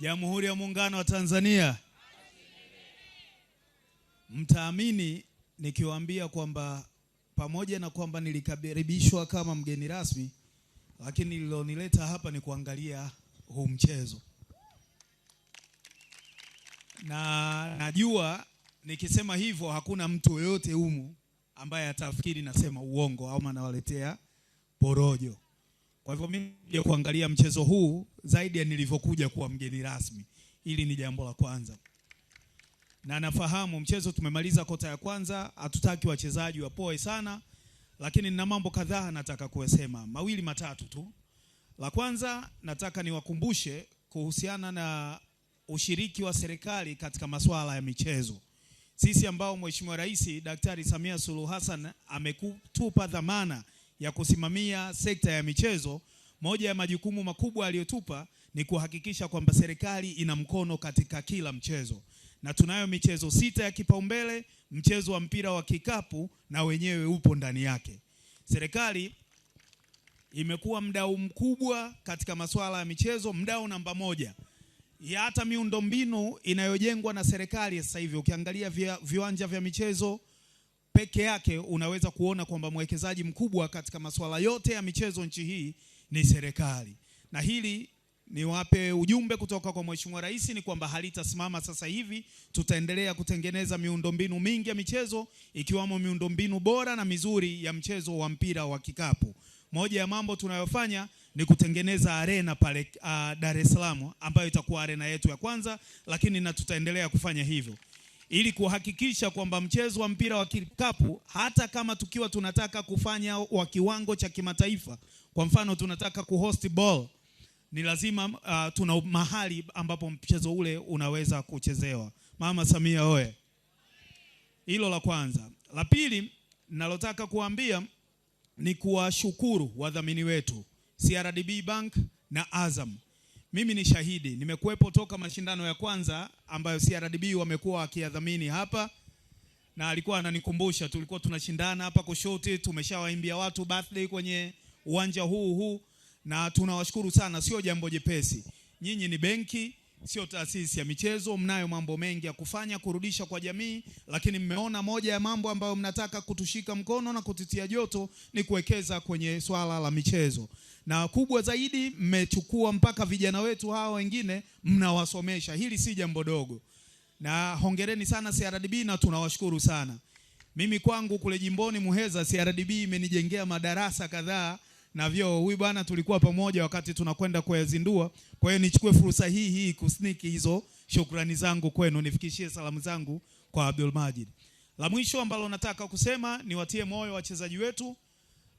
Jamhuri ya Muungano wa Tanzania. Mtaamini nikiwaambia kwamba pamoja na kwamba nilikaribishwa kama mgeni rasmi, lakini nililonileta hapa ni kuangalia huu mchezo, na najua nikisema hivyo hakuna mtu yoyote humu ambaye atafikiri nasema uongo au manawaletea porojo. Kwa hivyo mimi nilikuja kuangalia mchezo huu zaidi ya nilivyokuja kuwa mgeni rasmi. Hili ni jambo la kwanza, na nafahamu mchezo tumemaliza kota ya kwanza, hatutaki wachezaji wapoe sana, lakini nina mambo kadhaa nataka kuyasema, mawili matatu tu. La kwanza, nataka niwakumbushe kuhusiana na ushiriki wa serikali katika masuala ya michezo. Sisi ambao Mheshimiwa Rais Daktari Samia Suluhu Hassan ametupa dhamana ya kusimamia sekta ya michezo, moja ya majukumu makubwa aliyotupa ni kuhakikisha kwamba serikali ina mkono katika kila mchezo, na tunayo michezo sita ya kipaumbele. Mchezo wa mpira wa kikapu na wenyewe upo ndani yake. Serikali imekuwa mdau mkubwa katika masuala ya michezo, mdau namba moja ya hata miundombinu inayojengwa na serikali sasa hivi. Ukiangalia viwanja vya michezo peke yake unaweza kuona kwamba mwekezaji mkubwa katika masuala yote ya michezo nchi hii ni serikali, na hili niwape ujumbe kutoka kwa Mheshimiwa Rais ni kwamba halitasimama sasa hivi. Tutaendelea kutengeneza miundombinu mingi ya michezo ikiwamo miundombinu bora na mizuri ya mchezo wa mpira wa kikapu. Moja ya mambo tunayofanya ni kutengeneza arena pale uh, Dar es Salaam ambayo itakuwa arena yetu ya kwanza, lakini na tutaendelea kufanya hivyo ili kuhakikisha kwamba mchezo wa mpira wa kikapu hata kama tukiwa tunataka kufanya wa kiwango cha kimataifa, kwa mfano tunataka kuhost ball, ni lazima uh, tuna mahali ambapo mchezo ule unaweza kuchezewa. Mama Samia oye! Hilo la kwanza. La pili nalotaka kuambia ni kuwashukuru wadhamini wetu CRDB Bank na Azam mimi ni shahidi, nimekuwepo toka mashindano ya kwanza ambayo CRDB wamekuwa wakiadhamini hapa, na alikuwa ananikumbusha, tulikuwa tunashindana hapa Kushoti, tumeshawaimbia watu birthday kwenye uwanja huu huu, na tunawashukuru sana. Sio jambo jepesi, nyinyi ni benki sio taasisi ya michezo. Mnayo mambo mengi ya kufanya kurudisha kwa jamii, lakini mmeona moja ya mambo ambayo mnataka kutushika mkono na kututia joto ni kuwekeza kwenye swala la michezo, na kubwa zaidi mmechukua mpaka vijana wetu hawa wengine mnawasomesha. Hili si jambo dogo, na hongereni sana CRDB na tunawashukuru sana. Mimi kwangu kule jimboni Muheza, CRDB imenijengea madarasa kadhaa na vyo Huyu bwana tulikuwa pamoja wakati tunakwenda kuyazindua. Kwa hiyo nichukue fursa hii hii kusniki hizo shukrani zangu kwenu, nifikishie salamu zangu kwa Abdul Majid. La mwisho ambalo nataka kusema ni watie moyo wachezaji wetu.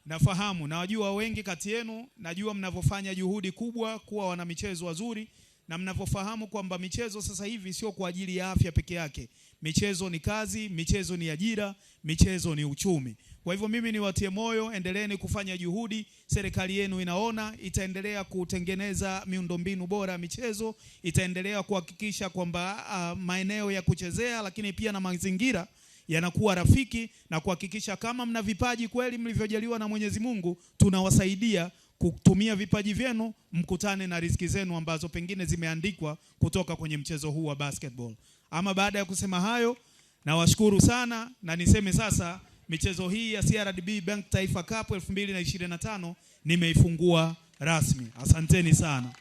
Nafahamu na wajua wengi kati yenu, najua mnavyofanya juhudi kubwa kuwa wanamichezo wazuri na mnavyofahamu kwamba michezo sasa hivi sio kwa ajili ya afya peke yake. Michezo ni kazi, michezo ni ajira, michezo ni uchumi. Kwa hivyo mimi niwatie moyo, endeleeni kufanya juhudi. Serikali yenu inaona, itaendelea kutengeneza miundombinu bora ya michezo, itaendelea kuhakikisha kwamba uh, maeneo ya kuchezea, lakini pia na mazingira yanakuwa rafiki na kuhakikisha kama mna vipaji kweli mlivyojaliwa na Mwenyezi Mungu tunawasaidia kutumia vipaji vyenu mkutane na riziki zenu ambazo pengine zimeandikwa kutoka kwenye mchezo huu wa basketball. Ama baada ya kusema hayo, nawashukuru sana na niseme sasa, michezo hii ya CRDB Bank Taifa Cup 2025 nimeifungua rasmi. Asanteni sana.